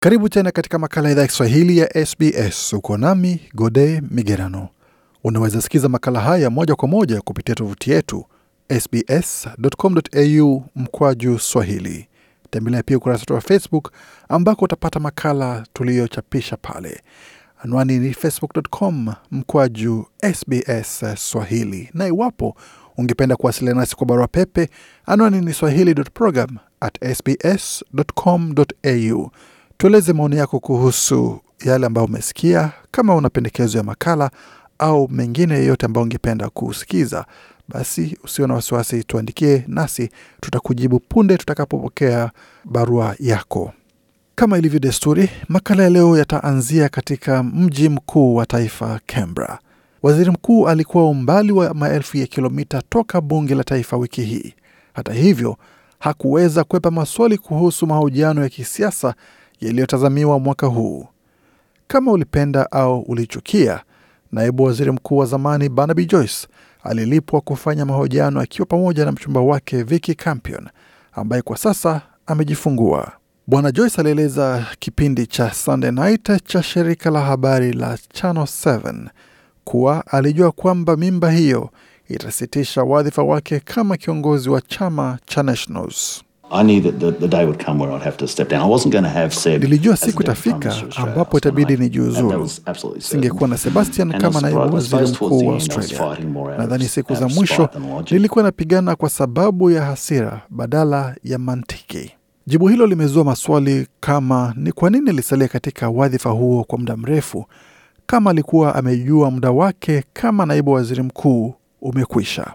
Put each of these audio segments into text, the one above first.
Karibu tena katika makala ya idhaa ya Kiswahili ya SBS. Uko nami Gode Migerano. Unaweza sikiza makala haya moja kwa moja kupitia tovuti yetu sbs.com.au mkwaju swahili. Tembelea pia ukurasa wetu wa Facebook ambako utapata makala tuliyochapisha pale. Anwani ni facebook.com mkwaju sbs swahili, na iwapo ungependa kuwasiliana nasi kwa barua pepe, anwani ni swahili.program@sbs.com.au Tueleze maoni yako kuhusu yale ambayo umesikia, kama una pendekezo ya makala au mengine yeyote ambayo ungependa kusikiza, basi usio na wasiwasi, tuandikie, nasi tutakujibu punde tutakapopokea barua yako. Kama ilivyo desturi, makala ya leo yataanzia katika mji mkuu wa taifa Canberra. Waziri mkuu alikuwa umbali wa maelfu ya kilomita toka bunge la taifa wiki hii. Hata hivyo, hakuweza kuwepa maswali kuhusu mahojiano ya kisiasa yaliyotazamiwa mwaka huu. Kama ulipenda au ulichukia, naibu waziri mkuu wa zamani Barnaby Joyce alilipwa kufanya mahojiano akiwa pamoja na mchumba wake Vicky Campion ambaye kwa sasa amejifungua. Bwana Joyce alieleza kipindi cha Sunday Night cha shirika la habari la Channel 7 kuwa alijua kwamba mimba hiyo itasitisha wadhifa wake kama kiongozi wa chama cha Nationals. Nilijua siku itafika ambapo itabidi nijiuzuru. Singekuwa na Sebastian kama naibu waziri mkuu wa Australia. Nadhani siku za mwisho nilikuwa napigana kwa sababu ya hasira badala ya mantiki. Jibu hilo limezua maswali kama ni kwa nini alisalia katika wadhifa huo kwa muda mrefu kama alikuwa amejua muda wake kama naibu waziri mkuu umekwisha.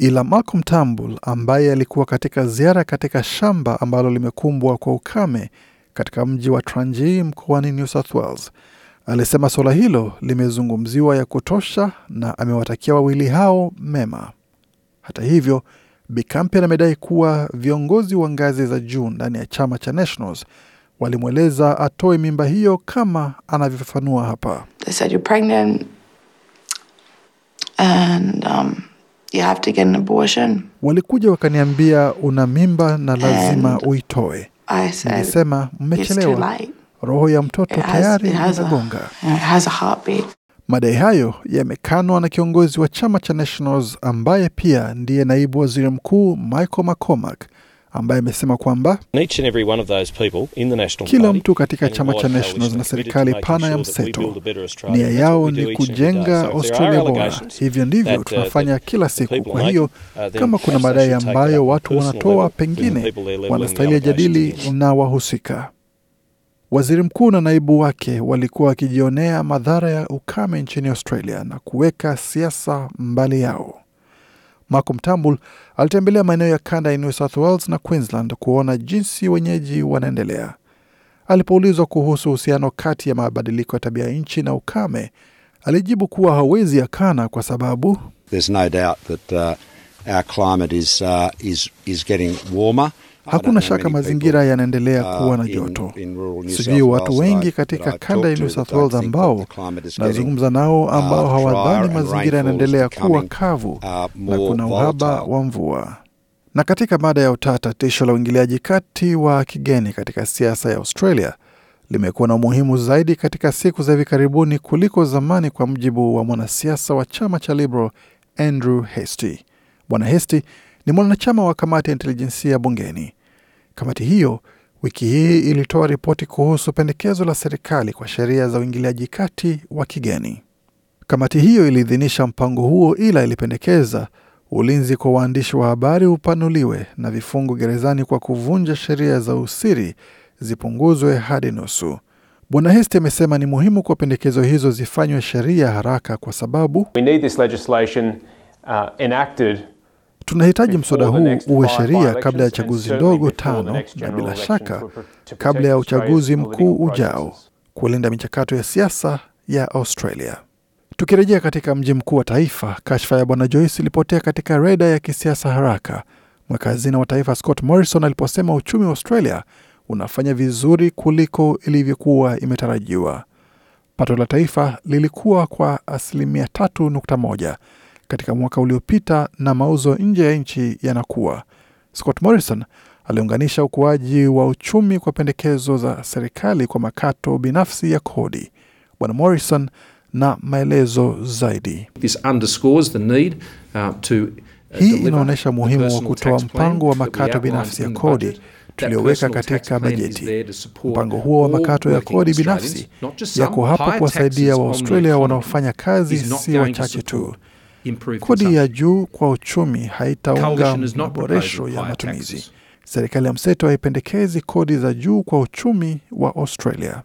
Ila Malcolm Turnbull ambaye alikuwa katika ziara katika shamba ambalo limekumbwa kwa ukame katika mji wa Tranjee mkoani New South Wales alisema suala hilo limezungumziwa ya kutosha na amewatakia wawili hao mema. Hata hivyo, Bikampel amedai kuwa viongozi wa ngazi za juu ndani ya chama cha Nationals walimweleza atoe mimba hiyo kama anavyofafanua hapa. They said you're pregnant and, um you have to get an abortion. Walikuja wakaniambia una mimba na lazima uitoe. Nilisema mmechelewa, roho ya mtoto tayari imegonga. Madai hayo yamekanwa na kiongozi wa chama cha Nationals ambaye pia ndiye naibu waziri mkuu Michael McCormack ambaye amesema kwamba kila mtu katika chama cha Nationals na serikali pana ya mseto, nia yao ni kujenga Australia bora. Hivyo ndivyo uh, tunafanya kila siku. Kwa hiyo uh, kama kuna madai ambayo watu wanatoa, pengine wanastahili jadili na wahusika. Waziri mkuu na naibu wake walikuwa wakijionea madhara ya ukame nchini Australia na kuweka siasa mbali yao. Malcolm Turnbull alitembelea maeneo ya kanda ya New South Wales na Queensland kuona jinsi wenyeji wanaendelea. Alipoulizwa kuhusu uhusiano kati ya mabadiliko ya tabia nchi na ukame, alijibu kuwa hawezi akana kwa sababu There's no doubt that, uh, our climate is, uh, is, is getting warmer. Hakuna shaka mazingira yanaendelea ah, kuwa na joto. Sijui watu wengi katika kanda ya New South Wales ambao nazungumza nao ah, ambao hawadhani mazingira yanaendelea kuwa kavu ah, na kuna uhaba wa mvua. Na katika mada ya utata, tisho la uingiliaji kati wa kigeni katika siasa ya Australia limekuwa na umuhimu zaidi katika siku za hivi karibuni kuliko zamani, kwa mujibu wa mwanasiasa wa chama cha Liberal Andrew Hastie. Bwana Hastie ni mwanachama wa kamati ya intelijensia bungeni. Kamati hiyo wiki hii ilitoa ripoti kuhusu pendekezo la serikali kwa sheria za uingiliaji kati wa kigeni. Kamati hiyo iliidhinisha mpango huo, ila ilipendekeza ulinzi kwa waandishi wa habari upanuliwe na vifungu gerezani kwa kuvunja sheria za usiri zipunguzwe hadi nusu. Bwana Hesti amesema ni muhimu kwa pendekezo hizo zifanywe sheria haraka kwa sababu We need this legislation, uh, enacted Tunahitaji mswada huu uwe sheria kabla ya chaguzi ndogo tano na bila shaka kabla ya uchaguzi mkuu ujao, kulinda michakato ya siasa ya Australia. Tukirejea katika mji mkuu wa taifa, kashfa ya bwana Joyce ilipotea katika reda ya kisiasa haraka mweka hazina wa taifa Scott Morrison aliposema uchumi wa Australia unafanya vizuri kuliko ilivyokuwa imetarajiwa. Pato la taifa lilikuwa kwa asilimia 3.1 katika mwaka uliopita na mauzo nje ya nchi yanakuwa. Scott Morrison aliunganisha ukuaji wa uchumi kwa pendekezo za serikali kwa makato binafsi ya kodi. Bwana Morrison na maelezo zaidi. This underscores the need, uh, to, uh, hii inaonyesha umuhimu wa kutoa mpango wa makato binafsi ya kodi tulioweka katika bajeti. Mpango huo wa makato ya kodi binafsi yako hapa kuwasaidia Waaustralia wanaofanya kazi si wachache tu Kodi ya juu kwa uchumi haitaunga maboresho ya matumizi. Serikali ya mseto haipendekezi kodi za juu kwa uchumi wa Australia.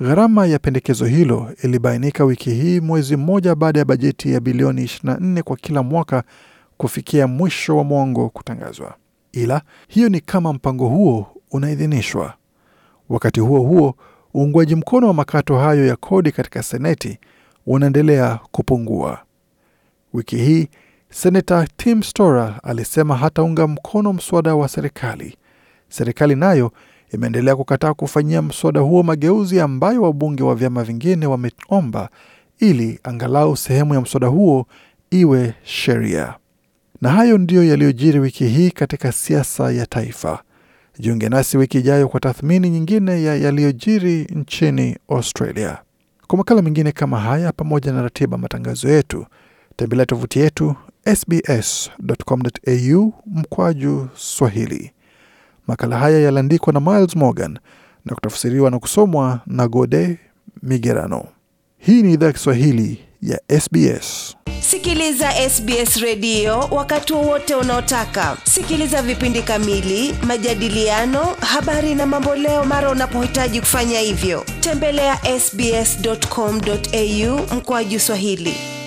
Gharama ya pendekezo hilo ilibainika wiki hii, mwezi mmoja baada ya bajeti ya bilioni 24 kwa kila mwaka kufikia mwisho wa mwongo kutangazwa. Ila hiyo ni kama mpango huo unaidhinishwa. Wakati huo huo, uungwaji mkono wa makato hayo ya kodi katika seneti unaendelea kupungua. Wiki hii senata Tim Stora alisema hataunga mkono mswada wa serikali. Serikali nayo imeendelea kukataa kufanyia mswada huo mageuzi ambayo wabunge wa vyama vingine wameomba ili angalau sehemu ya mswada huo iwe sheria. Na hayo ndiyo yaliyojiri wiki hii katika siasa ya taifa. Jiunge nasi wiki ijayo kwa tathmini nyingine ya yaliyojiri nchini Australia. Kwa makala mengine kama haya, pamoja na ratiba matangazo yetu Tembelea tovuti yetu sbs.com.au mkwaju Swahili. Makala haya yaliandikwa na Miles Morgan na kutafsiriwa na kusomwa na Gode Migerano. Hii ni idhaa Kiswahili ya SBS. Sikiliza SBS redio wakati wowote unaotaka. Sikiliza vipindi kamili, majadiliano, habari na mamboleo mara unapohitaji kufanya hivyo. Tembelea ya sbs.com.au mkwaju Swahili.